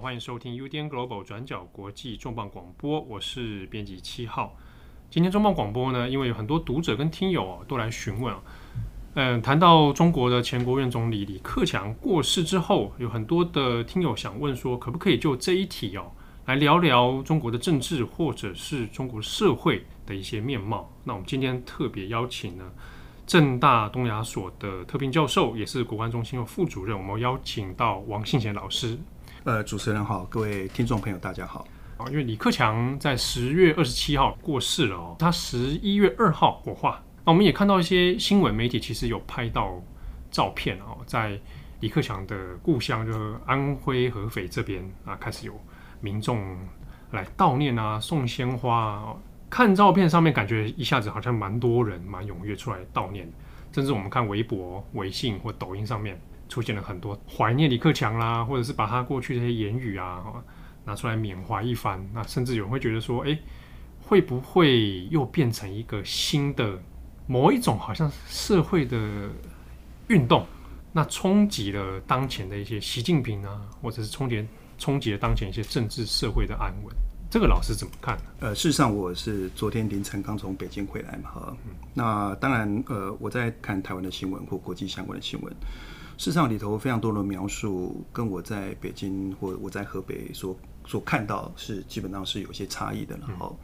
歡迎收聽 UDN Global 轉角國際重磅廣播，我是編輯七號。今天重磅廣播呢，因為有很多讀者跟聽友、啊、都來詢問啊，嗯，談到中國的前國務院總理李克強過世之後，有很多的聽友想問說，可不可以就這一題哦、啊，來聊聊中國的政治或者是中國社會的一些面貌？那我們今天特別邀請呢，政大東亞所的特聘教授，也是國關中心的副主任，我們邀請到王信賢老師。呃，主持人好，各位聽眾朋友，大家好啊！因為李克強在十月二十七號過世了哦，他十一月二號火化。那我們也看到一些新聞媒體其實有拍到照片哦，在李克強的故鄉就安徽合肥這邊啊，開始有民眾來悼念啊，送鮮花啊。看照片上面，感覺一下子好像蠻多人，蠻踴躍出來悼念。甚至我們看微博、微信或抖音上面。出現了很多懷念李克強啦，啊，或者是把他過去這些言語啊拿出來緬懷一番。那甚至有人會覺得說，誒、欸，會不會又變成一個新的某一種好像社會的運動？那衝擊了當前的一些習近平啊，或者是衝擊衝擊了當前一些政治社會的安穩？這個老師怎麼看呢？呃，事實上我是昨天凌晨剛從北京回來嘛，哈、嗯，那當然，呃，我在看台灣的新聞或國際相關的新聞。市場裡頭非常多的描述，跟我在北京或我在河北所所看到是基本上是有些差異的。嗯、然後，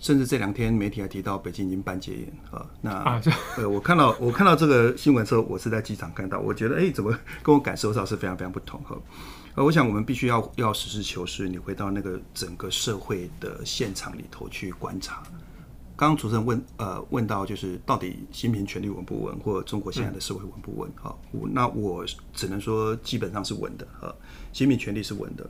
甚至這兩天媒體還提到北京已經頒戒嚴啊，那啊呃， 我看到我看到這個新聞之後我是在機場看到，我覺得哎、欸，怎麼跟我感受上是非常非常不同？哈，呃，我想我們必須要要實事求是，你回到那個整個社會的現場裡頭去觀察。剛剛主持人問，呃，問到就是到底習近平權力穩不穩，或中國現在的社會穩不穩？好、嗯哦，那我只能說基本上是穩的。哈、呃，習近平權力是穩的。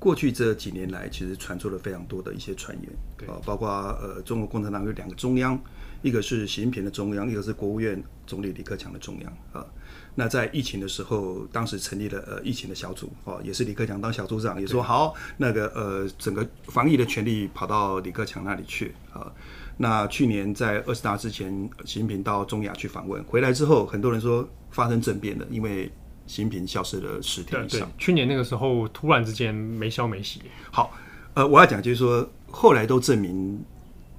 過去這幾年來，其實傳出了非常多的一些傳言，啊對、哦，包括呃，中國共產黨有兩個中央，一個是習近平的中央，一個是國務院總理李克強的中央。啊、呃，那在疫情的時候，當時成立了呃疫情的小組，哦，也是李克強當小組長，也說對好那個呃，整個防疫的權力跑到李克強那裡去，啊、呃。那去年在二十大之前，習近平到中亞去訪問，回來之後，很多人說發生政變了，因為習近平消失了十天以上對對。去年那個時候，突然之間沒消沒息。好，呃，我要講就是說，後來都證明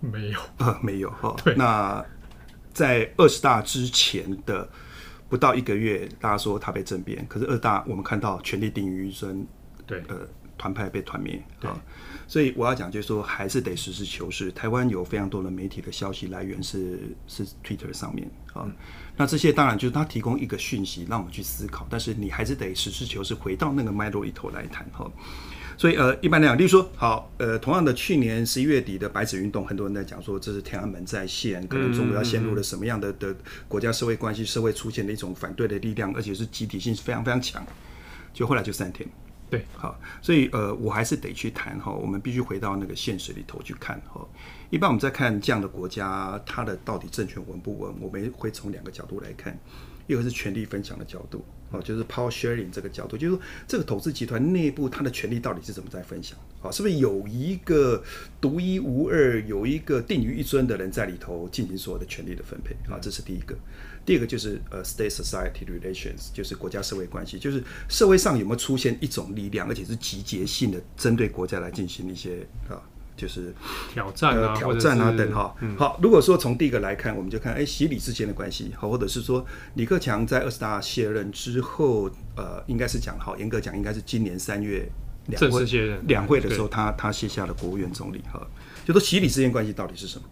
沒有，呃，沒有哈。哦、對那在二十大之前的不到一個月，大家說他被政變，可是二十大我們看到權力定於一尊，對，呃，團派被團滅啊。對哦所以我要講，就是說，還是得實事求是。台灣有非常多的媒體的消息來源是是 Twitter 上面啊、嗯哦，那這些當然就是他提供一個訊息讓我們去思考，但是你還是得實事求是，回到那個脈絡裡頭來談哈、哦。所以呃，一般來講，例如說，好呃，同樣的去年十一月底的白紙運動，很多人在講說這是天安門再現，可能中國要陷入了什麼樣的的國家社會關係社會出現的一種反對的力量，而且是集體性是非常非常強，就後來就三天。對，好，所以呃，我還是得去談哈，我們必須回到那個現實裡頭去看哈。一般我們在看這樣的國家，它的到底政權穩不穩，我們會從兩個角度來看。一個是權力分享的角度，哦，就是 power sharing 這個角度，就是說這個投資集團內部它的權力到底是怎麼在分享？啊，是不是有一個獨一無二、有一個定於一尊的人在裡頭進行所有的權力的分配？啊，這是第一個。第二個就是呃 state society relations，就是國家社會關係，就是社會上有沒有出現一種力量，而且是集結性的，針對國家來進行一些啊。就是挑戰啊，呃、挑戰啊等哈。嗯、好，如果說從第一個來看，我們就看哎，習李之間的關係，好，或者是說李克強在二十大卸任之後，呃，應該是講好，嚴格講應該是今年三月兩會兩會的時候，對他他卸下了國務院總理哈，就說習李之間關係到底是什麼，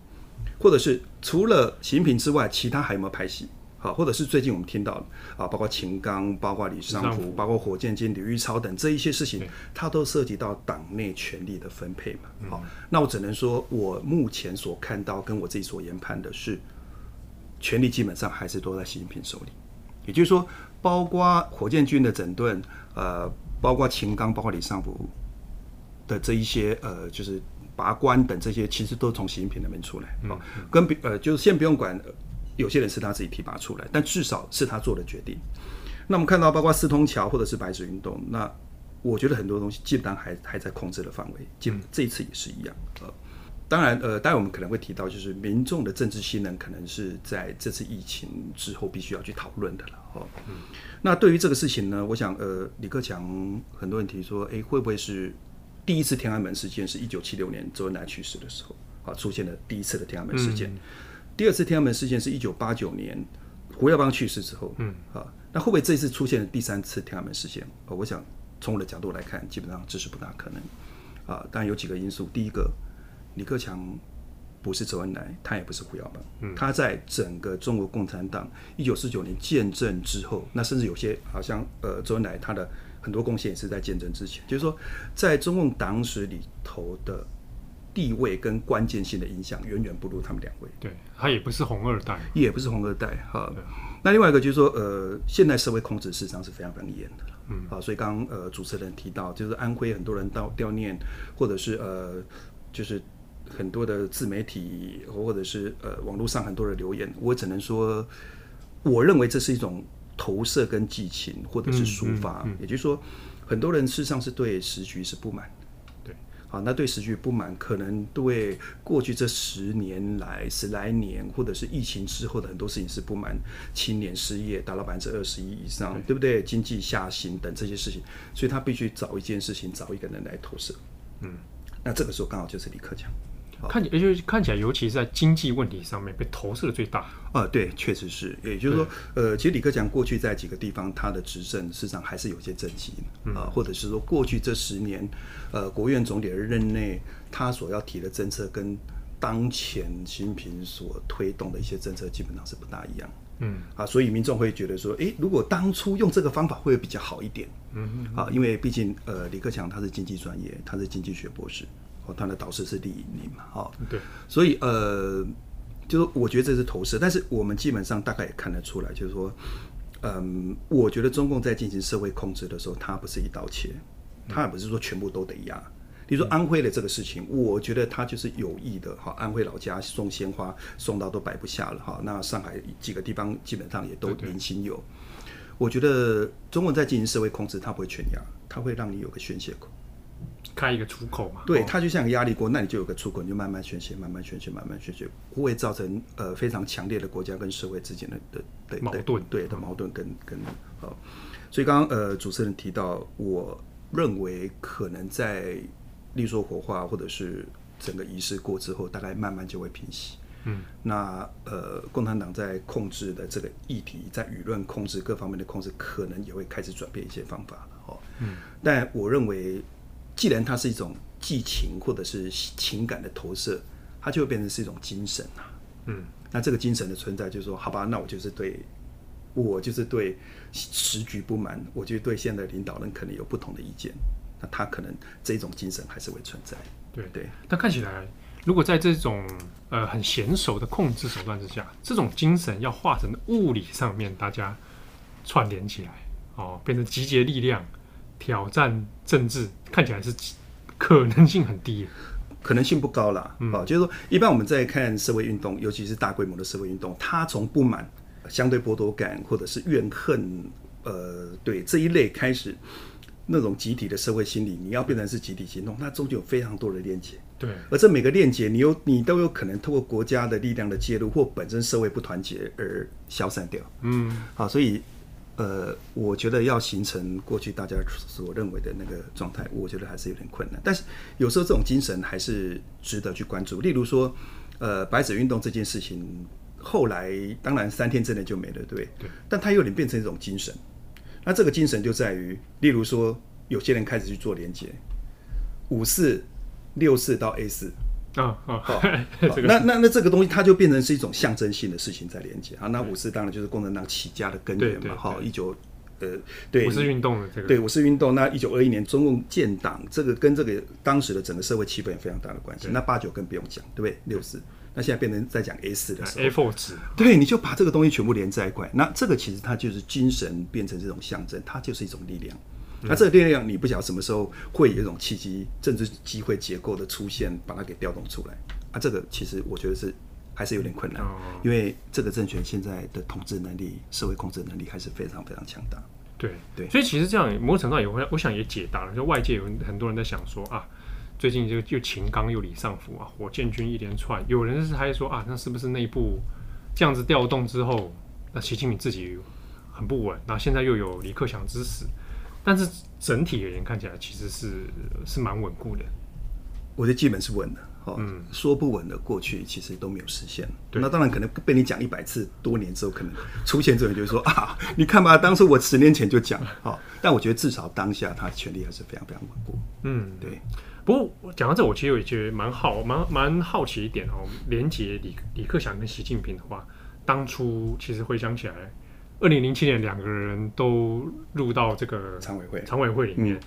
嗯、或者是除了習近平之外，其他還有沒有派系？好，或者是最近我們聽到啊，包括秦剛、包括李尚福、尚福包括火箭軍、李玉超等這一些事情，嗯、它都涉及到黨內權力的分配嘛。嗯、好，那我只能說，我目前所看到跟我自己所研判的是，權力基本上還是都在習近平手裡。也就是說，包括火箭軍的整頓，呃，包括秦剛、包括李尚福的這一些呃，就是拔官等這些，其實都從習近平那邊出來。好、嗯嗯，跟別呃，就是先不用管。有些人是他自己提拔出來，但至少是他做的決定。那我們看到，包括四通橋或者是白紙運動，那我覺得很多東西基本上還還在控制的範圍，基本這這次也是一樣。呃，當然，呃，待會我們可能會提到，就是民眾的政治信任，可能是在這次疫情之後必須要去討論的了。哦，嗯，那對於這個事情呢，我想，呃，李克強很多問題說，誒，會不會是第一次天安門事件是1976年周恩來去世的時候，啊，出現了第一次的天安門事件。嗯第二次天安門事件是一九八九年胡耀邦去世之後，嗯，啊，那會不會這一次出現第三次天安門事件？呃，我想從我的角度來看，基本上這是不大可能，啊，但有幾個因素。第一個，李克強不是周恩來，他也不是胡耀邦，嗯，他在整個中國共產黨一九四九年建政之後，那甚至有些好像呃周恩來他的很多貢獻也是在建政之前，就是說在中共黨史裡頭的。地位跟關鍵性的影響遠遠不如他們兩位。對，他也不是紅二代，也不是紅二代哈。那另外一個就是說，呃，現在社會控制事實上是非常非常嚴的，嗯，好，啊，所以剛剛呃主持人提到，就是安徽很多人到悼念，或者是呃，就是很多的自媒體或者是呃網絡上很多人留言。我只能說，我認為這是一種投射跟激情，或者是抒發，嗯嗯嗯，也就是說，很多人事實上是對時局是不滿。啊，那對時局不滿，可能對過去這十年來十來年，或者是疫情之後的很多事情是不滿。青年失業達到百分之二十一以上，對不對？經濟下行等這些事情，所以他必須找一件事情，找一個人來投射。嗯，那這個時候剛好就是李克強。看起，而且看起來，尤其是在經濟問題上面被投射的最大啊，對，確實是，也就是說，對呃，其實李克強過去在幾個地方他的執政事實上，還是有些政績啊，嗯、或者是說過去這十年，呃，國務院總理的任內，他所要提的政策跟當前習近平所推動的一些政策基本上是不大一樣，嗯啊，所以民眾會覺得說、欸，如果當初用這個方法會有比較好一點，嗯，嗯，嗯，啊，因為畢竟呃，李克強他是經濟專業，他是經濟學博士。哦，他的導師是厲以寧嘛。哦、對，所以呃，就是我覺得這是投射，但是我們基本上大概也看得出來，就是說，嗯，我覺得中共在進行社會控制的時候，它不是一刀切，它也不是說全部都得壓。比、嗯、如說安徽的這個事情，嗯、我覺得它就是有意的，哈、哦，安徽老家送鮮花送到都擺不下了，哈、哦，那上海幾個地方基本上也都年輕有。對對對，我覺得中共在進行社會控制，它不會全壓，它會讓你有個宣洩口。開一個出口嘛，對、哦、它就像個壓力鍋，那你就有個出口，你就慢慢宣洩，慢慢宣洩，慢慢宣洩，不會造成呃非常強烈的國家跟社會之間的的矛盾，對的矛盾跟、哦、跟、哦、所以剛剛呃主持人提到，我認為可能在例如說火化或者是整個儀式過之後，大概慢慢就會平息。嗯，那呃共產黨在控制的這個議題，在輿論控制各方面的控制，可能也會開始轉變一些方法了哦。嗯，但我認為。既然它是一種寄情或者是情感的投射，它就會變成是一種精神啊。嗯，那這個精神的存在，就是說，好吧，那我就是對我就是對時局不滿，我就對現在領導人可能有不同的意見。那他可能這種精神還是會存在。對對。那對看起來，如果在這種呃很嫻熟的控制手段之下，這種精神要化成物理上面大家串聯起來，哦，變成集結力量。挑戰政治看起來是可能性很低，可能性不高啦。好、嗯哦，就是說，一般我們在看社會運動，尤其是大規模的社會運動，它從不滿、呃、相對剝奪感或者是怨恨，呃，對這一類開始，那種集體的社會心理，你要變成是集體行動，那中間有非常多的鏈接。對，而這每個鏈接，你有你都有可能透過國家的力量的介入，或本身社會不團結而消散掉。嗯，好、哦，所以。呃，我覺得要形成過去大家所認為的那個狀態，我覺得還是有點困難。但是有時候這種精神還是值得去關注。例如說，呃，白紙運動這件事情，後來當然三天之內就沒了，對不對？對。但它有點變成一種精神。那這個精神就在於，例如說，有些人開始去做連接，五四、六四到 A 四。啊啊好，那那那這個東西它就變成是一種象徵性的事情在連接啊。那五四當然就是共產黨起家的根源嘛，哈。一九呃對五四運動的這個，對五四運動。那一九二一年中共建黨，這個跟這個當時的整個社會氣氛也非常大的關係。對那八九更不用講，對不對？六四，對那現在變成在講 A 四的時候，A four 紙對，你就把這個東西全部連在一塊。那這個其實它就是精神變成這種象徵，它就是一種力量。嗯、那這個力量你不曉得什麼時候會有一種契機，政治機會結構的出現，把它給調動出來。啊，這個其實我覺得是還是有點困難，因為這個政權現在的統治能力、社會控制能力還是非常非常強大。對對，所以其實這樣某種程度上我我想也解答了，就外界有很多人在想說啊，最近就又秦剛又李尚福啊，火箭軍一連串，有人是還說啊，那是不是內部這樣子調動之後，那習近平自己很不穩，然後現在又有李克強之死。但是整體而言，看起來其實是是蠻穩固的。我覺得基本是穩的，好、哦，嗯，說不穩的過去其實都沒有實現。對，那當然可能被你講一百次，多年之後可能出現這種，就是說 啊，你看吧，當初我十年前就講了，好、哦。但我覺得至少當下，他的權力還是非常非常穩固。嗯，對。不過講到這，我其實也覺得蠻好，蠻蠻好奇一點哦。連接，李李克強跟習近平的話，當初其實回想起來。二零零七年，兩個人都入到這個常委會，常委會裡面。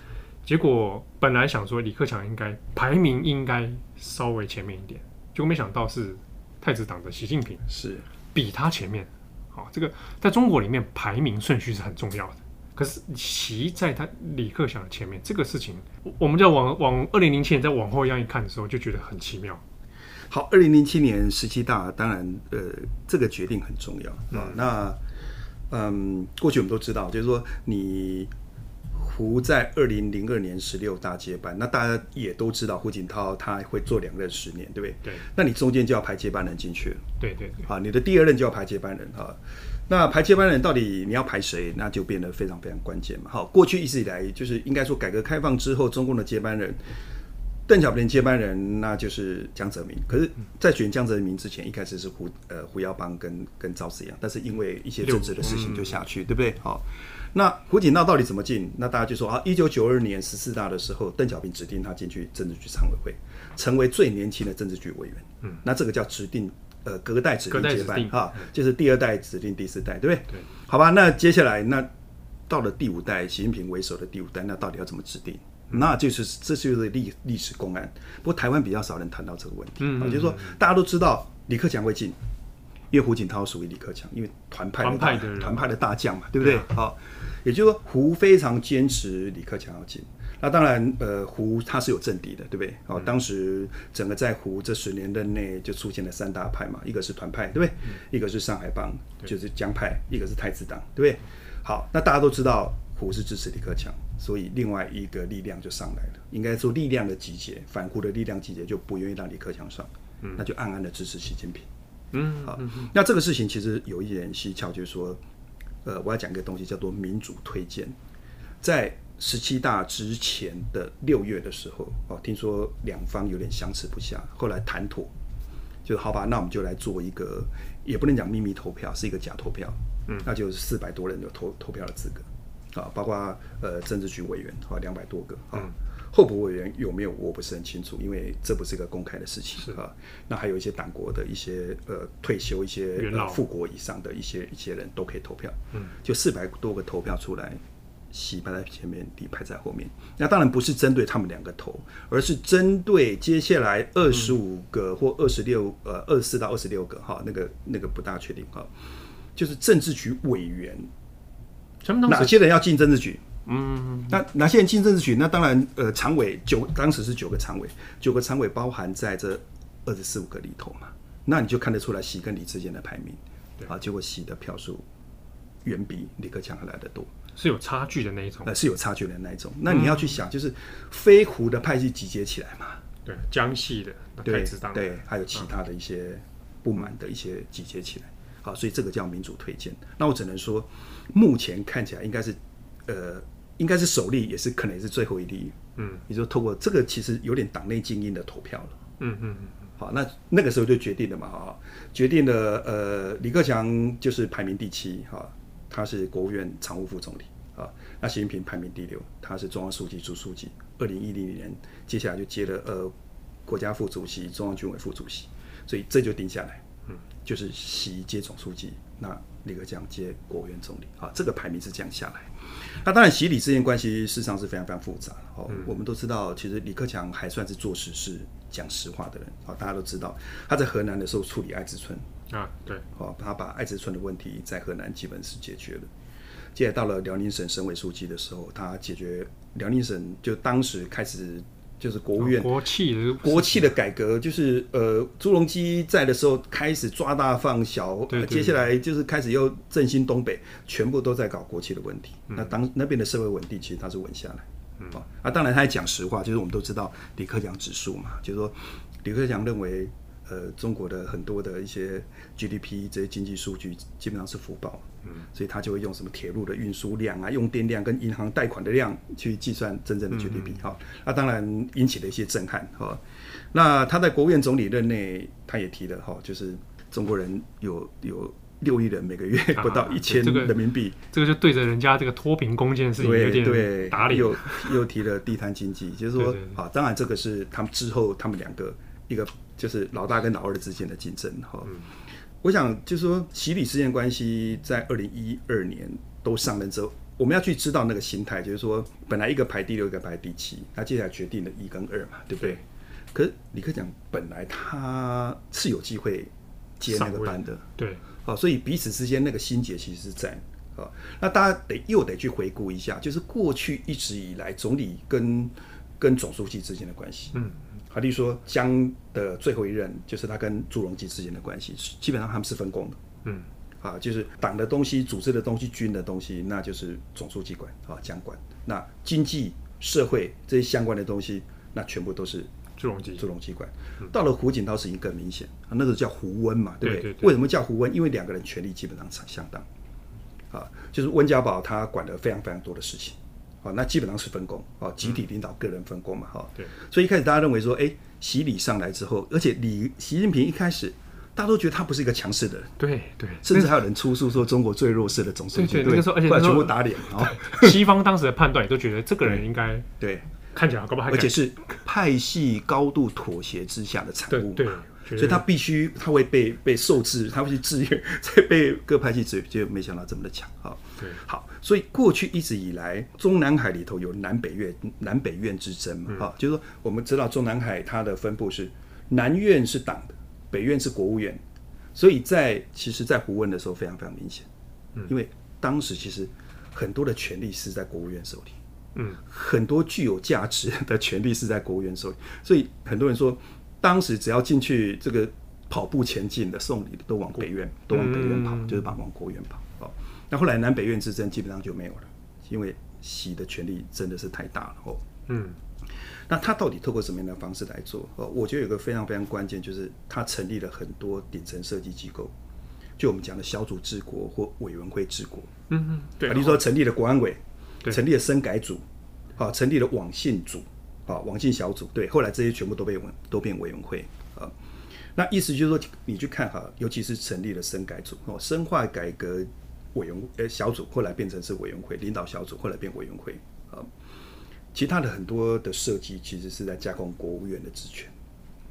結果本來想說李克強應該排名應該稍微前面一點，結果沒想到是太子黨的習近平是比他前面。好，這個在中國裡面排名順序是很重要的。可是習在他李克強的前面，這個事情，我們再往往二零零七年再往後一樣一看的時候，就覺得很奇妙。好，二零零七年十七大，當然，呃，這個決定很重要啊。嗯，那嗯，過去我們都知道，就是說，你胡在二零零二年十六大接班，那大家也都知道胡錦濤他會做兩任十年，對不對？對，那你中間就要排接班人進去了，對對對，好，你的第二任就要排接班人哈，那排接班人到底你要排誰，那就變得非常非常關鍵嘛。好，過去一直以來就是應該說改革開放之後，中共的接班人。鄧小平接班人那就是江澤民。可是，在選江澤民之前，一開始是胡呃胡耀邦跟跟趙紫陽，但是因為一些政治的事情就下去，嗯嗯嗯、對不對？好、哦，那胡錦濤到底怎麼進？那大家就說啊，一九九二年十四大的時候，鄧小平指定他進去政治局常委會，成為最年輕的政治局委員。嗯，那這個叫指定，呃，隔代指定接班哈、哦，就是第二代指定第四代，對不對？對，好吧，那接下來那到了第五代，習近平為首的第五代，那到底要怎麼指定？那就是這是就是歷歷史公案，不過台灣比較少人談到這個問題。嗯,嗯,嗯，就是說大家都知道李克強會進，因為胡錦濤屬於李克強，因為團派團派的團派的大將嘛，對不對？好對、哦，也就是說胡非常堅持李克強要進。那當然，呃，胡他是有政敵的，對不對？好、哦，當時整個在胡這十年任內就出現了三大派嘛，一個是團派，對不對？嗯、一個是上海幫，就是江派；對一個是太子黨，對不對？好，那大家都知道。不是支持李克強，所以另外一個力量就上來了，應該說力量的集結，反胡的力量集結就不願意讓李克強上，嗯、那就暗暗的支持習近平。嗯哼哼，好，那這個事情其實有一點蹊蹺，就是說，呃、我要講一個東西叫做民主推薦，在十七大之前的六月的時候，哦，聽說兩方有點相持不下，後來談妥，就好吧，那我們就來做一個，也不能講秘密投票，是一個假投票，嗯、那就是四百多人有投投票的資格。啊，包括呃政治局委員哈，兩百多個啊，嗯、候補委員有沒有我不是很清楚，因為這不是一個公開的事情是，啊、那還有一些黨國的一些呃退休一些副鬧、呃、國以上的一些一些人都可以投票，嗯，就四百多個投票出來，習排在前面，李排在後面。那當然不是針對他們兩個投，而是針對接下來二十五個或二十六呃二十四到二十六個哈，那個那個不大確定哈，就是政治局委員。哪些人要進政治局？嗯，那哪些人進政治局？那當然，呃，常委九當時是九個常委，九個常委包含在這二十四五個裡頭嘛。那你就看得出來，習跟李之間的排名，對啊，結果習的票數遠比李克強還來得多的多、啊，是有差距的那一種。呃、嗯，是有差距的那一種。那你要去想，就是非胡的派系集結起來嘛？對，江系的對，對，還有其他的一些不滿的一些集結起來。嗯、好，所以這個叫民主推薦。那我只能說。目前看起來應該是，呃，應該是首例，也是可能也是最後一例。嗯，也就透過這個，其實有點黨內精英的投票了。嗯嗯嗯。嗯嗯好，那那個時候就決定了嘛，哈、哦，決定了，呃，李克強就是排名第七，哈、哦，他是國務院常務副總理，啊、哦，那習近平排名第六，他是中央書記處書記。二零一零年，接下來就接了呃，國家副主席、中央軍委副主席，所以這就定下來，嗯，就是習接總書記、嗯、那。李克強接國務院總理啊，這個排名是這樣下來。那當然，習李之間關係事實上是非常非常複雜的。哦，嗯、我們都知道，其實李克強還算是做實事講實話的人，好、啊，大家都知道他在河南的時候處理艾滋村啊，對，哦、啊，他把艾滋村的問題在河南基本是解決了。接下來到了遼寧省省委書記的時候，他解決遼寧省就當時開始。就是國務院、啊、國企，國企的改革就是呃，朱鎔基在的時候開始抓大放小，對對對，接下來就是開始又振興東北，全部都在搞國企的問題。嗯、那當那邊的社會穩定其實它是穩下來，嗯、啊，當然他也講實話，就是我們都知道李克強指數嘛，就是說李克強認為。呃，中國的很多的一些 GDP 這些經濟數據基本上是虛報。嗯，所以他就會用什麼鐵路的運輸量啊、用電量跟銀行貸款的量去計算真正的 GDP 哈、嗯。那、哦啊、當然引起了一些震撼哈、哦。那他在國務院總理任內，他也提了哈、哦，就是中國人有有六億人每個月不到一千、啊、人民幣、這個，這個就對着人家這個脫貧攻堅的事情有點打臉，又又提了地攤經濟， 對對對就是說啊、哦，當然這個是他們之後他們兩個一個。就是老大跟老二之間的競爭哈，嗯、我想就是說習李之間關係在二零一二年都上任之後，我們要去知道那個心態，就是說本來一個排第六，一個排第七，那接下來決定了一跟二嘛，對不對？對可是李克強本來他是有機會接那個班的，對，啊，所以彼此之間那個心結其實是在啊，那大家得又得去回顧一下，就是過去一直以來總理跟跟總書記之間的關係，嗯。例如說江的最後一任，就是他跟朱鎔基之間的關係，基本上他們是分工的。嗯，啊，就是黨的東西、組織的東西、軍的東西，那就是總書記管啊，江管；那經濟社會這些相關的東西，那全部都是朱鎔基。朱鎔基管。嗯，到了胡錦濤時期更明顯，那個叫胡溫嘛，對不對？對對對。為什麼叫胡溫？因為兩個人權力基本上相相當。啊，就是溫家寶他管了非常非常多的事情。那基本上是分工哦，集體領導，個人分工嘛，哈。對。所以一開始大家認為說，哎，習李上來之後，而且李習近平一開始，大家都覺得他不是一個強勢的人。對對。甚至還有人出書說中國最弱勢的總書記。對。而且，而且全部打臉。啊。西方當時的判斷也都覺得這個人應該對，看起來高吧？而且是派系高度妥協之下的產物。對。所以他必須，他會被被受制，他會去制約，所以被各派系制約，就沒想到這麼的強啊。對。好。所以過去一直以來，中南海裡頭有南北院、南北院之爭嘛。哈、嗯，就是說，我們知道中南海它的分布是南院是黨的，北院是國務院。所以在其實，在胡溫的時候非常非常明顯，嗯、因為當時其實很多的權力是在國務院手裡，嗯，很多具有價值的權力是在國務院手裡。所以很多人說，當時只要進去這個跑步前進的、送禮的，都往北院，都往北院跑，嗯、就是把往國務院跑、哦。那後來南北院之爭基本上就沒有了，因為習的權力真的是太大了哦。嗯，那他到底透過什麼樣的方式來做？哦，我覺得有個非常非常關鍵，就是他成立了很多頂層設計機構，就我們講的小組治國或委員會治國。嗯嗯，對，哦。例如說成立了國安委，對成立了深改組，啊，成立了網信組，啊，網信小組。對，後來這些全部都被都變委員會啊。那意思就是說，你去看哈，尤其是成立了深改組哦，深化改革。委員誒，小組後來變成是委員會，領導小組後來變委員會啊。其他的很多的設計，其實是在架空國務院的職權，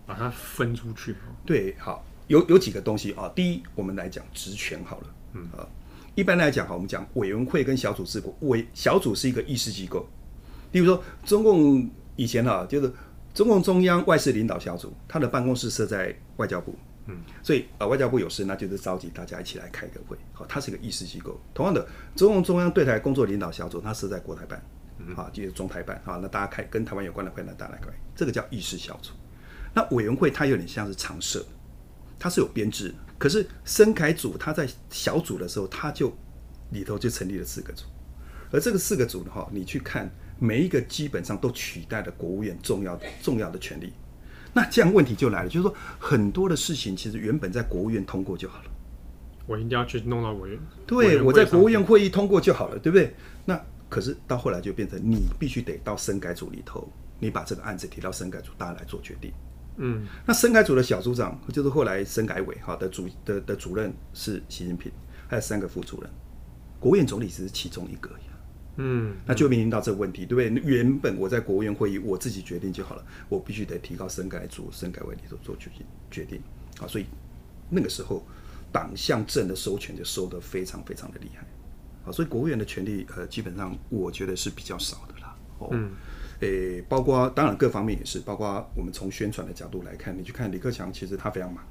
把它分出去。對，好，有有幾個東西啊。第一，我們來講職權好了。嗯啊，一般來講，好，我們講委員會跟小組制，委小組是一個議事機構。比如說，中共以前哈，就是中共中央外事領導小組，他的辦公室設在外交部。嗯，所以呃，外交部有事，那就是召集大家一起來開個會。好，它是一個議事機構。同樣的，中共中央對台工作領導小組，它設在國台辦，嗯、啊，就是中台辦啊。那大家開跟台灣有關的會，那大家來開，這個叫議事小組。那委員會它有點像是常設，它是有編制。可是深改組它在小組的時候，它就裡頭就成立了四個組，而這個四個組的話、啊，你去看每一個，基本上都取代了國務院重要的重要的權力。那這樣問題就來了，就是說很多的事情其實原本在國務院通過就好了，我一定要去弄到委員會。對，我在國務院會議通過就好了，對不對？那可是到後來就變成你必須得到深改組裡頭，你把這個案子提到深改組，大家來做決定。嗯，那深改組的小組長就是後來深改委好的主的的主任是習近平，還有三個副主任，國務院總理只是其中一個。嗯，那就面臨到這個問題，對不對？原本我在國務院會議，我自己決定就好了。我必須得提高深、深改組、深改問題都做，做決定，決定啊！所以那個時候，黨向政的收權就收得非常非常的厲害啊！所以國務院的權力，呃，基本上我覺得是比較少的啦。哦，誒、嗯欸，包括當然各方面也是，包括我們從宣傳的角度來看，你去看李克強，其實他非常忙，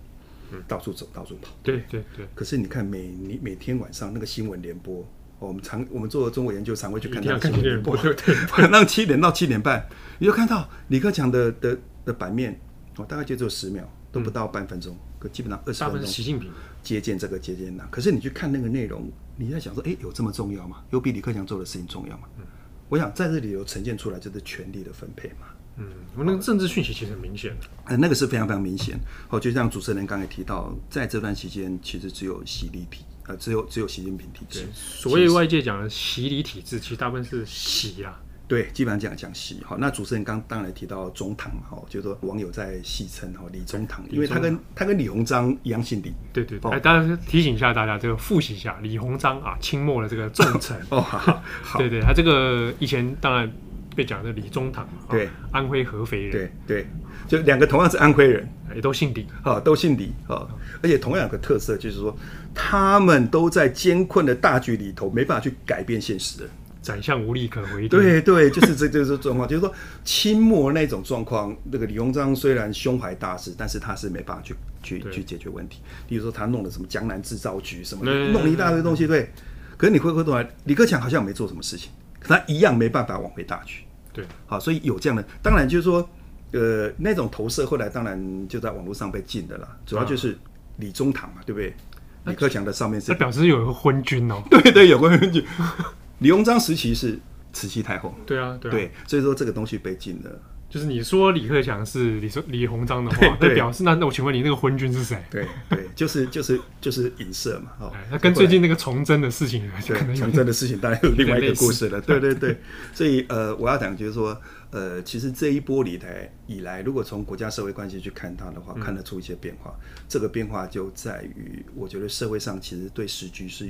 嗯、到處走，到處跑。對對對。對對，可是你看，每你每天晚上那個新聞聯播。哦、我們常我們做中國研究，常會去看電視直播，對對，那七點到七點半，你就看到李克強的的的版面，我、哦、大概就只有十秒，都不到半分鐘，可、嗯、基本上二十分鐘。接見這個近接見那、這個啊，可是你去看那個內容，你在想說，哎，有這麼重要嗎？有比李克強做的事情重要嗎？嗯、我想在這裡有呈現出來就是權力的分配嘛。嗯，我們那個政治訊息其實很明顯的、嗯，那個是非常非常明顯。哦，就像主持人剛才提到，在這段期間，其實只有習近平。呃，只有只有習近平體制，所以外界講的習李體制，其實習其大部分是習啊。對，基本上講講習。好，那主持人剛當然提到中堂哈，就是、說網友在戲稱哈李中堂，因為他跟中他跟李鴻章一樣姓李。對對對。哎、哦，當然、欸、提醒一下大家，這個複習一下李鴻章啊，清末的這個重臣 哦。好。好 對，對對，他這個以前當然。被講的李中堂、哦、對，安徽合肥人，對對，就兩個同樣是安徽人，也都姓李啊、哦，都姓李啊，哦哦、而且同樣有個特色就是說，他們都在艱困的大局裡頭，沒辦法去改變現實，宰相無力可回。對對，就是這就是這種狀況， 就是說，清末那種狀況，那個李鴻章雖然胸懷大志，但是他是沒辦法去去對去解決問題。比如說他弄了什麼江南製造局什麼的，嗯、弄了一大堆東西，對。嗯嗯、可是你會會懂啊，李克強好像沒做什麼事情，他一樣沒辦法挽回大局。對，好，所以有這樣的，當然就是說，呃，那種投射後來當然就在網絡上被禁的了，啊、主要就是李中堂嘛，對不對？可李克強的上面是，表示有一個昏君哦。 對對，有個昏君。 李鴻章時期是慈禧太後。對啊，對啊。對，所以說這個東西被禁的。就是你說李克強是李說李鴻章的話，對那表示那對那我請問你那個昏君是誰？對對，就是 就是就是影射嘛。哦、喔欸，那跟最近那個崇禎的事情，對，崇禎的事情當然有另外一個故事了。對對對，所以呃，我要講就是說，呃，其實這一波離台以來，如果從國家社會關係去看它的話，看得出一些變化。嗯、這個變化就在於，我覺得社會上其實對時局是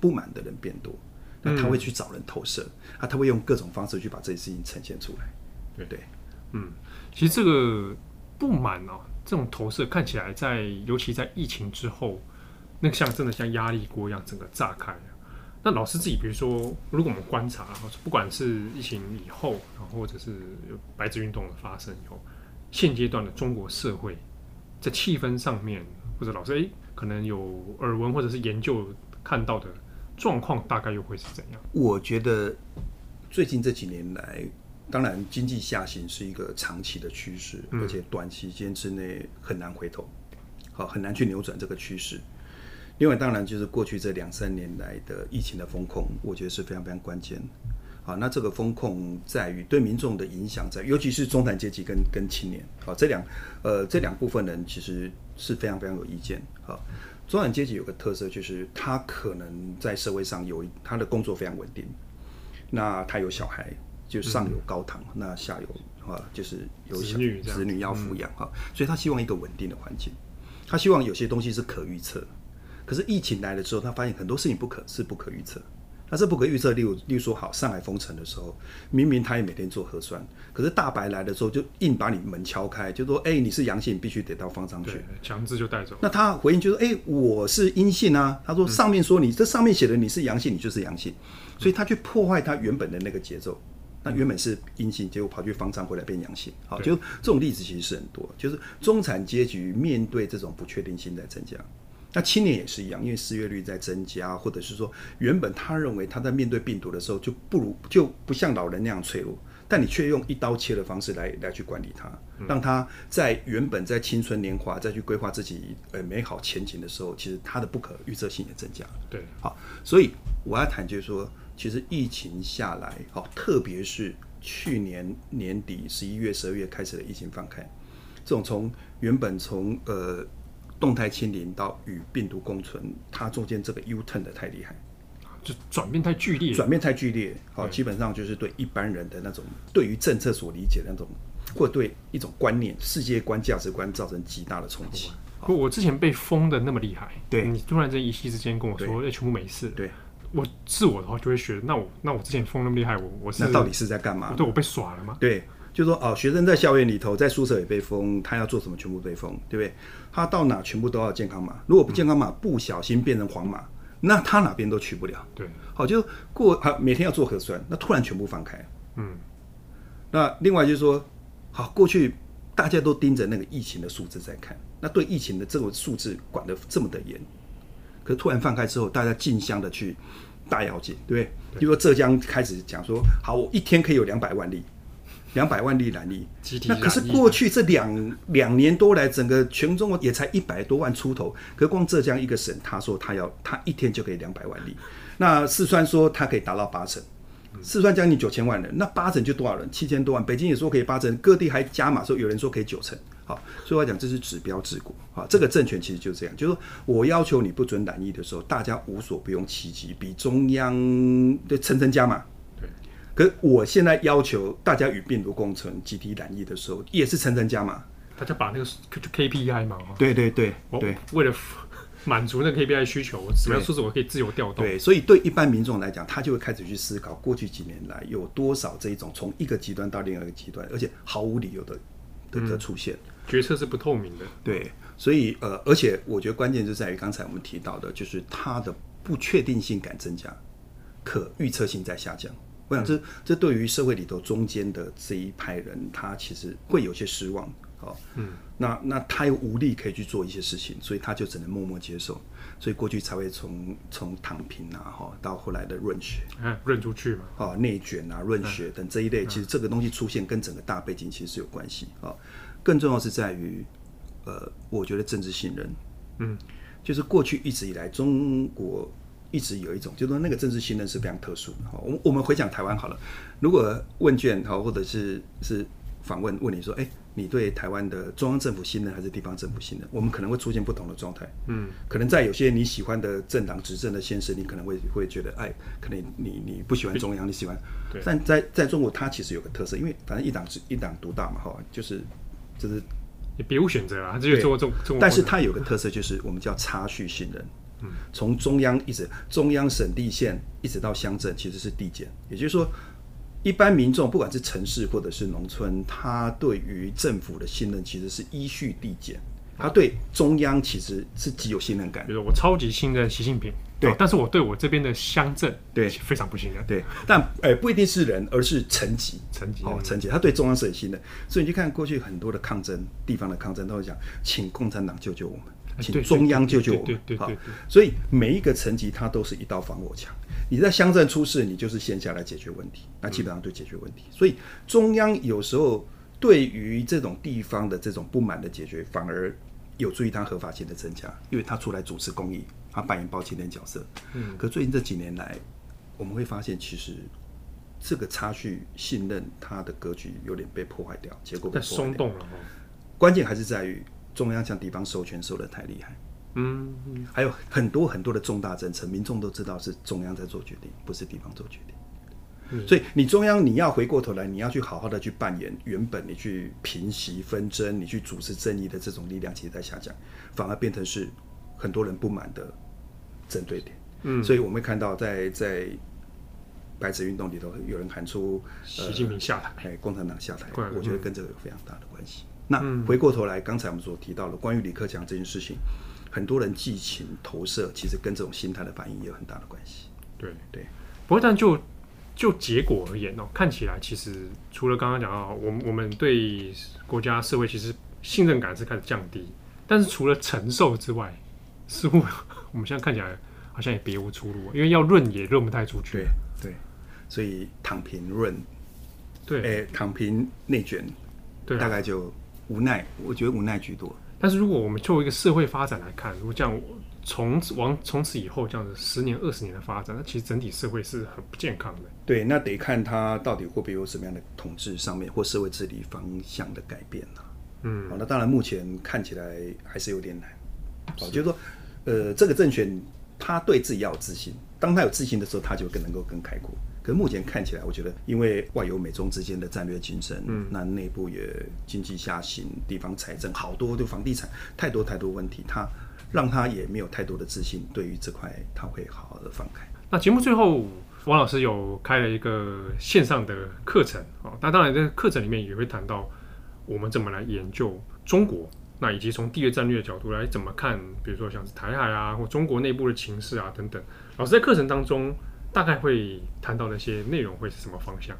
不滿的人變多，那他會去找人投射，嗯、啊，他會用各種方式去把這些事情呈現出來，對對。嗯，其實這個不滿啊，這種投射看起來在，在尤其在疫情之後，那個像真的像壓力鍋一樣整個炸開。那老師自己，比如說，如果我們觀察、啊，不管是疫情以後，或者是白紙運動的發生以後，現階段的中國社會在氣氛，上面，或者老師誒、欸，可能有耳聞或者是研究看到的狀況，大概又會是怎樣？我覺得最近這幾年來。當然，經濟下行是一個長期的趨勢，嗯、而且短時間之內很難回頭，好，很難去扭轉這個趨勢。另外，當然就是過去這兩三年來的疫情的封控，我覺得是非常非常關鍵。好，那這個封控在於對民眾的影響，在尤其是中產階級跟跟青年，好，這兩呃這兩部分人其實是非常非常有意見。好，中產階級有個特色就是他可能在社會上有他的工作非常穩定，那他有小孩。就上有高堂，嗯、那下有啊，就是有子女，子，子女要撫養哈，嗯、所以他希望一個穩定的環境。他希望有些東西是可預測，可是疫情來了之後，他發現很多事情不可是不可預測。那是不可預測，例如例如說好，好上海封城的時候，明明他也每天做核酸，可是大白來的時候就硬把你門敲開，就說：“哎、欸，你是陽性，必須得到方艙去，強制就帶走。”那他回應就說、是：“哎、欸，我是陰性啊。”他說：“上面說你、嗯、這上面寫的你是陽性，你就是陽性。嗯”所以他去破壞他原本的那個節奏。那原本是陰性，結果跑去方艙回來變陽性，好，就這種例子其實是很多。就是中產階級面對這種不確定性在增加，那青年也是一樣，因為失業率在增加，或者是說原本他認為他在面對病毒的時候就不如就不像老人那樣脆弱，但你卻用一刀切的方式來來去管理他，讓他在原本在青春年華再去規劃自己呃美好前景的時候，其實他的不可預測性也增加。對，好，所以我要談就是說。其實疫情下來，好，特別是去年年底十一月、十二月開始的疫情放開，這種從原本從呃動態清零到與病毒共存，它中間這個 U turn 的太厲害，就轉變太劇烈，轉變太劇烈，好、哦，對基本上就是對一般人的那種對於政策所理解的那種，或對一種觀念、世界觀、價值觀造成極大的衝擊。不過我之前被封的那麼厲害，對你突然間一夕之間跟我說，哎，全部沒事。對對我自我的話就會學，那我那我之前封那麼厲害，我我是那到底是在幹嘛？對，我被耍了嗎？對，就說哦，學生在校園裡頭，在宿舍也被封，他要做什麼全部被封，對不對？他到哪全部都要健康碼，如果不健康碼，嗯、不小心變成黃碼，那他哪邊都去不了。對，好就過好，每天要做核酸，那突然全部放開，嗯。那另外就是說，好過去大家都盯着那個疫情的數字在看，那對疫情的這個數字管得這麼的嚴，可是突然放開之後，大家競相的去。大要緊，對不對？比如對說浙江開始講說，好，我一天可以有兩百萬例，兩百萬例染疫。那可是過去這兩兩年多來，整個全中國也才一百多萬出頭。可是光浙江一個省，他說他要他一天就可以兩百萬例。那四川說他可以達到八成，嗯、四川將近九千萬人，那八成就多少人？七千多萬。北京也說可以八成，各地還加碼說有人說可以九成。好，所以我講這是指標治國。好，這個政權其實就是這樣，就是說我要求你不准染疫的時候，大家無所不用其極，比中央的層層加碼。對，成成對可是我現在要求大家與病毒共存、集體染疫的時候，也是層層加碼。大家把那個 KPI 嘛，對，對對對，對，為了滿足那 KPI 需求，什麼樣數字我可以自由調動對？對，所以對一般民眾來講，他就會開始去思考，過去幾年來有多少這一種從一個極端到另一個極端，而且毫無理由的的的出現。嗯決策是不透明的，對，所以呃，而且我覺得關鍵就在於剛才我們提到的，就是他的不確定性感增加，可預測性在下降。我想這、嗯、這對於社會裡頭中間的這一派人，他其實會有些失望，哦，嗯，那那他又無力可以去做一些事情，所以他就只能默默接受。所以過去才會從從躺平啊，哈，到後來的潤學，潤、嗯、出去嘛，啊、哦，內卷啊，潤學等這一類，嗯、其實這個東西出現跟整個大背景其實是有關係啊。哦更重要的是在於，呃，我覺得政治信任，嗯，就是過去一直以來，中國一直有一種，就是說那個政治信任是非常特殊的。我我們回講台灣好了，如果問卷哈，或者是是訪問問你說，誒、欸，你對台灣的中央政府信任還是地方政府信任？我們可能會出現不同的狀態，嗯，可能在有些你喜歡的政黨執政的縣市，你可能會會覺得，哎，可能你你不喜歡中央，你喜歡，對但在在中國，它其實有個特色，因為反正一黨制、一黨獨大嘛，哈，就是。就是也別無選擇啊，這有做做，但是它有個特色，就是我們叫差序信任。嗯，從中央一直中央省地縣一直到鄉鎮，其實是遞減。也就是說，一般民眾不管是城市或者是農村，他對於政府的信任其實是依序遞減。他對中央其實是極有信任感，比如說我超級信任習近平，對，對，但是我對我這邊的鄉鎮對非常不信任，對，但誒，不一定是人，而是層級，層級，哦，層級，層級，他對中央是很信任，所以你去看過去很多的抗爭，地方的抗爭，都會講，請共產黨救救我們，哎、請中央救救我們，對對對，對，對，對，對，對，所以每一個層級它都是一道防火牆，你在鄉鎮出事，你就是先下來解決問題，那基本上就解決問題，嗯、所以中央有時候。對於這種地方的這種不滿的解決，反而有助於他合法性的增加，因為他出來主持公義，他扮演包青天角色。嗯、可最近這幾年來，我們會發現，其實這個差距信任他的格局有點被破壞掉，結果被在鬆動了。關鍵還是在於中央向地方授權收得太厲害。嗯。嗯還有很多很多的重大政策，民眾都知道是中央在做決定，不是地方做決定。所以你中央你要回過頭來，你要去好好的去扮演原本你去平息紛爭、你去主持正義的這種力量，其實在下降，反而變成是很多人不滿的針對點。嗯，所以我們會看到在，在在白紙運動裡頭，有人喊出習近平下台、呃、共產黨下台，對我覺得跟這個有非常大的關係。嗯、那回過頭來，剛才我們所提到的關於李克強這件事情，嗯、很多人激情投射，其實跟這種心態的反應也有很大的關係。對對，對不過但就。就結果而言哦，看起來其實除了剛剛講到，我們我們對國家社會其實信任感是開始降低。但是除了承受之外，似乎我們現在看起來好像也別無出路，因為要潤也潤不太出去。對，對，所以躺平潤，對，哎，躺平內卷，對啊，大概就無奈，我覺得無奈居多。但是如果我們作為一個社會發展來看，如果這樣。從往從此以後，這樣子十年、二十年的發展，那其實整體社會是很不健康的。對，那得看他到底會不會有什麼樣的統治上面或社會治理方向的改變呢、啊？嗯，好，那當然目前看起來還是有點難。好是，就是說，呃，這個政權他對自己要有自信，當他有自信的時候，他就更能夠更開闊。可是目前看起來，我覺得因為外有美中之間的戰略競爭，嗯、那內部也經濟下行、地方財政好多，就房地產太多太多問題，他。讓他也沒有太多的自信，對於這塊他會好好的放開。那節目最後，王老師有開了一個線上的課程啊，那、哦、當然這個課程裡面也會談到我們怎麼來研究中國，那以及從地緣戰略的角度來怎麼看，比如說像是台海啊或中國內部的情勢啊等等。老師在課程當中大概會談到那些內容會是什麼方向？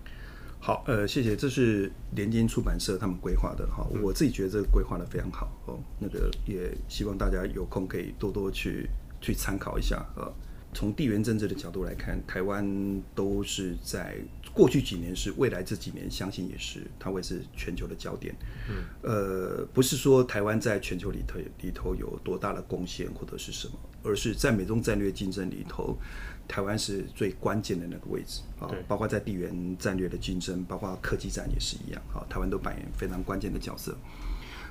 好，呃，謝謝，這是聯經出版社他們規劃的哈，嗯，我自己覺得這個規劃得非常好哦，那個也希望大家有空可以多多去去參考一下呃，哦，從地緣政治的角度來看，台灣都是在過去幾年是，是未來這幾年，相信也是它會是全球的焦點。嗯，呃，不是說台灣在全球裡頭裡頭有多大的貢獻或者是什麼，而是在美中戰略競爭裡頭。台灣是最關鍵的那個位置啊，對包括在地緣戰略的競爭，包括科技戰也是一樣啊，台灣都扮演非常關鍵的角色。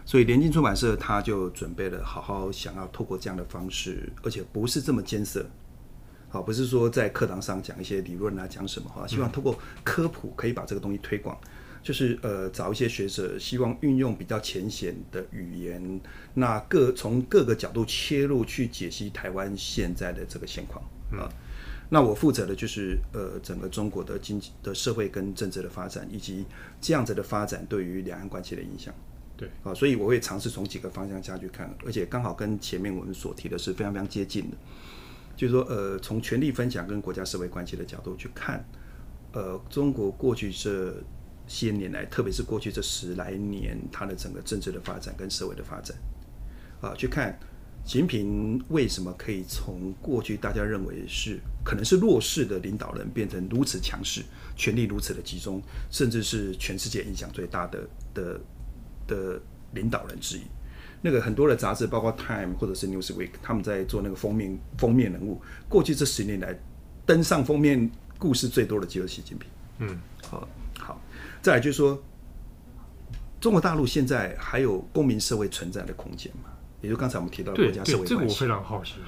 所以聯經出版社他就準備了，好好想要透過這樣的方式，而且不是這麼艱澀，好，不是說在課堂上講一些理論啊，講什麼話，啊，希望通過科普可以把這個東西推廣，嗯、就是呃，找一些學者，希望運用比較淺顯的語言，那各從各個角度切入去解析台灣現在的這個現況啊。嗯那我負責的就是呃整個中國的經濟，的社會跟政治的發展，以及這樣子的發展對於兩岸關係的影響。對，啊、呃，所以我會嘗試從幾個方向下去看，而且剛好跟前面我們所提的是非常非常接近的，就是說呃從權力分享跟國家社會關係的角度去看，呃中國過去這些年來，特別是過去這十來年，它的整個政治的發展跟社會的發展，啊、呃、去看。習近平為什麼可以從過去大家認為是可能是弱勢的領導人，變成如此強勢、權力如此的集中，甚至是全世界影響最大的的的領導人之一？那個很多的雜誌，包括《Time》或者是《Newsweek》，他們在做那個封面封面人物。過去這十年來，登上封面故事最多的只有習近平。嗯，好、哦，好。再來就是說，中國大陸現在還有公民社會存在的空間嗎？就如剛才我們提到的國家社會關係，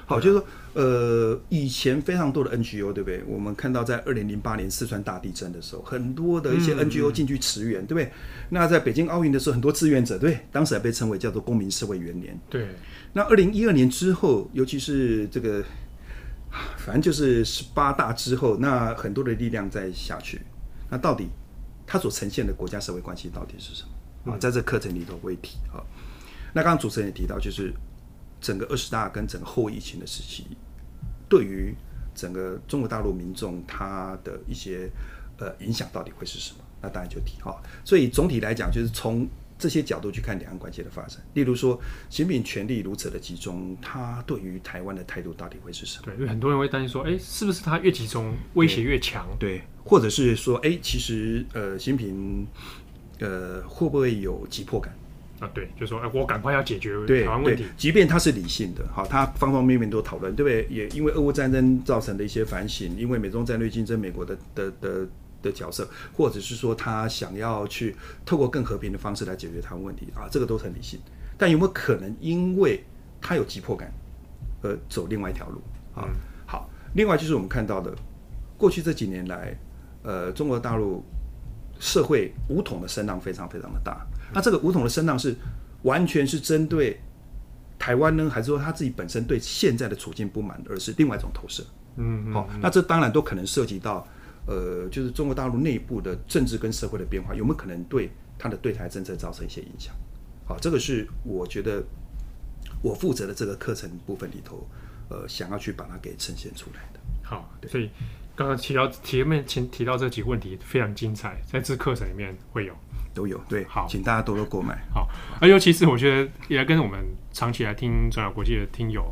好，就是說，呃，以前非常多的 NGO，對不對？我們看到在二零零八年四川大地震的時候，很多的一些 NGO 進去馳援，對不對？那在北京奧運的時候，很多志願者，對，當時還被稱為叫做公民社會元年，對。那二零一二年之後，尤其是這個，反正就是十八大之後，那很多的力量在下去，那到底它所呈現的國家社會關係到底是什麼？啊，在這課程裡頭會提啊。那剛剛主持人也提到，就是整個二十大跟整個後疫情的時期，對於整個中國大陸民眾他的一些呃影響到底會是什麼？那當然就提哈。所以總體來講，就是從這些角度去看兩岸關係的發展。例如說，習近平權力如此的集中，他對於台灣的態度到底會是什麼？對，因為很多人會擔心說，哎，是不是他越集中，威脅越強？對，對對或者是說，哎，其實呃，習近平呃會不會有急迫感？啊，對，就說哎、呃，我趕快要解決台灣問題。對，對，即便他是理性的，好、哦，他方方面面都討論，對不對？也因為俄烏戰爭造成的一些反省，因為美中戰略競爭，美國的的的的、的角色，或者是說他想要去透過更和平的方式來解決台灣問題啊，這個都很理性。但有沒有可能，因為他有急迫感而走另外一條路啊？哦嗯、好，另外就是我們看到的，過去這幾年來，呃，中國大陸社會武統的聲浪非常非常的大。那這個武統的聲浪是完全是針對台灣呢，還是說他自己本身對現在的處境不滿，而是另外一種投射？嗯，嗯，嗯，好、哦，那這當然都可能涉及到，呃，就是中國大陸內部的政治跟社會的變化，有沒有可能對他的對台政策造成一些影響？好、哦，這個是我覺得我負責的這個課程部分裡頭，呃，想要去把它給呈現出來的。好，所以剛剛提到前面前提到這幾個問題非常精彩，在這課程裡面會有。都有對。好，請大家多多購買。好。而尤其是我覺得，也跟我們長期來聽轉角國際的聽友，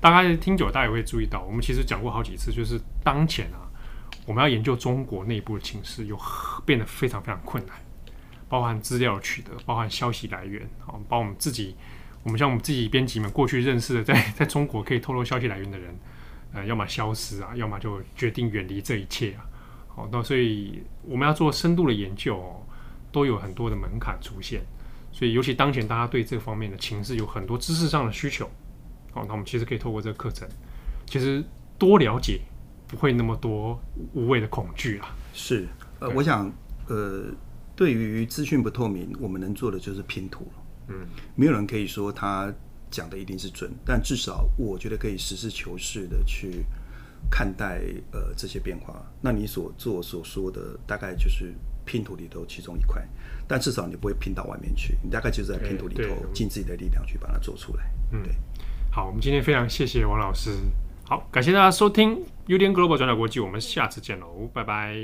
大概聽久了大家也會注意到，我們其實講過好幾次，就是當前啊，我們要研究中國內部的情勢，又變得非常非常困難，包含資料取得，包含消息來源，好，包括我們自己，我們像我們自己編輯們過去認識的，在在中國可以透露消息來源的人，呃，要麼消失啊，要麼就決定遠離這一切啊。好，那所以我們要做深度的研究哦。都有很多的門檻出現，所以尤其當前大家對這方面的情勢有很多知識上的需求，好，那我們其實可以透過這個課程，其實多了解，不會那麼多無謂的恐懼啊。是，呃，對我想，呃，對於資訊不透明，我們能做的就是拼圖。嗯，沒有人可以說他講的一定是準，但至少我覺得可以實事求是的去看待呃這些變化。那你所做所說的，大概就是。拼圖裡頭其中一塊，但至少你不會拼到外面去，你大概就是在拼圖裡頭盡自己的力量去把它做出來。對對嗯，對好，我們今天非常謝謝王老師，好，感謝大家收聽 UDN Global 轉角國際，我們下次見嘍，拜拜。